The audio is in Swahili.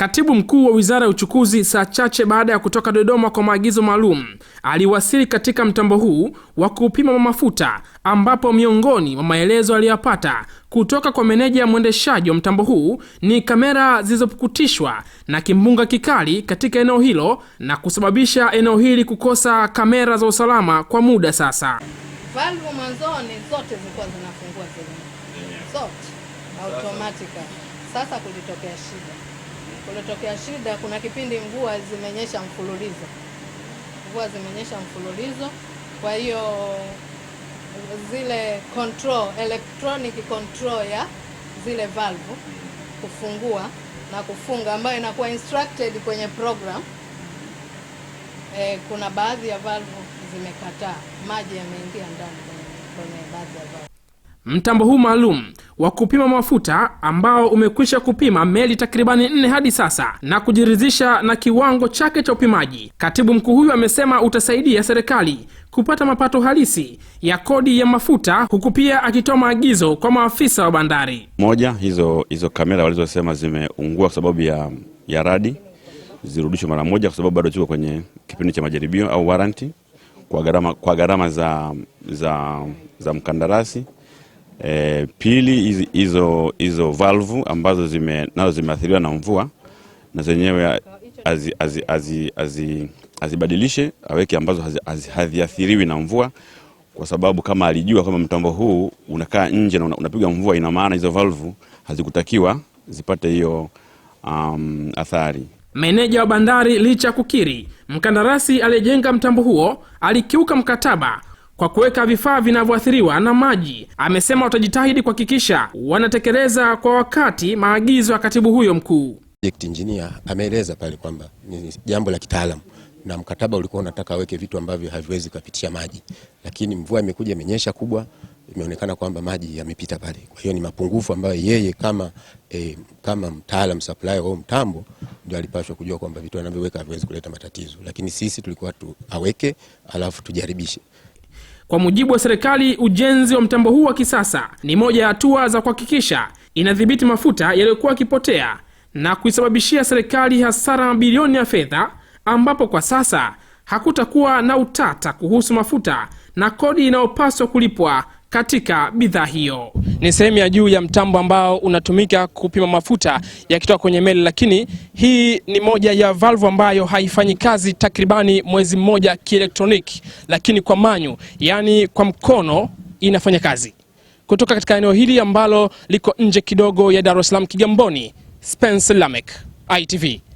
Katibu mkuu wa wizara ya uchukuzi, saa chache baada ya kutoka Dodoma kwa maagizo maalum, aliwasili katika mtambo huu wa kupima mafuta, ambapo miongoni mwa maelezo aliyoyapata kutoka kwa meneja ya mwendeshaji wa mtambo huu ni kamera zilizopukutishwa na kimbunga kikali katika eneo hilo na kusababisha eneo hili kukosa kamera za usalama kwa muda sasa. Valvu mwanzoni zote zilikuwa zinafungua zote automatically. Sasa kulitokea shida kulitokea shida. Kuna kipindi mvua zimenyesha mfululizo, mvua zimenyesha mfululizo, kwa hiyo zile control electronic control ya zile valve kufungua na kufunga ambayo inakuwa instructed kwenye program e, kuna baadhi ya valve zimekataa, maji yameingia ndani kwenye baadhi ya valve. Mtambo huu maalum wa kupima mafuta ambao umekwisha kupima meli takribani nne hadi sasa na kujiridhisha na kiwango chake cha upimaji. Katibu mkuu huyu amesema utasaidia serikali kupata mapato halisi ya kodi ya mafuta, huku pia akitoa maagizo kwa maafisa wa bandari. Moja, hizo hizo kamera walizosema zimeungua kwa sababu ya, ya radi zirudishwe mara moja, kwa sababu bado ziko kwenye kipindi cha majaribio au waranti kwa gharama, kwa gharama za, za, za mkandarasi. E, pili hizo hizo valvu ambazo zime, nazo zimeathiriwa na mvua na zenyewe azibadilishe aweke ambazo haziathiriwi na mvua, kwa sababu kama alijua kama mtambo huu unakaa nje na unapiga mvua, ina maana hizo valvu hazikutakiwa zipate hiyo um, athari. Meneja wa bandari licha kukiri mkandarasi aliyejenga mtambo huo alikiuka mkataba kwa kuweka vifaa vinavyoathiriwa na maji. Amesema watajitahidi kuhakikisha wanatekeleza kwa wakati maagizo ya katibu huyo mkuu. Injinia ameeleza pale kwamba ni jambo la kitaalamu na mkataba ulikuwa unataka aweke vitu ambavyo haviwezi kupitisha maji, lakini mvua imekuja imenyesha kubwa, imeonekana kwamba maji yamepita pale. Kwa hiyo ni mapungufu ambayo yeye kama, eh, kama mtaalam supplier au mtambo ndio alipaswa kujua kwamba vitu anavyoweka haviwezi kuleta matatizo, lakini sisi tulikuwa tu aweke alafu tujaribishe. Kwa mujibu wa serikali, ujenzi wa mtambo huu wa kisasa ni moja ya hatua za kuhakikisha inadhibiti mafuta yaliyokuwa yakipotea na kuisababishia serikali hasara mabilioni ya fedha, ambapo kwa sasa hakutakuwa na utata kuhusu mafuta na kodi inayopaswa kulipwa katika bidhaa hiyo ni sehemu ya juu ya mtambo ambao unatumika kupima mafuta yakitoka kwenye meli, lakini hii ni moja ya valvu ambayo haifanyi kazi takribani mwezi mmoja kielektroniki, lakini kwa manyu, yaani kwa mkono, inafanya kazi. Kutoka katika eneo hili ambalo liko nje kidogo ya Dar es Salaam, Kigamboni, Spence Lamek, ITV.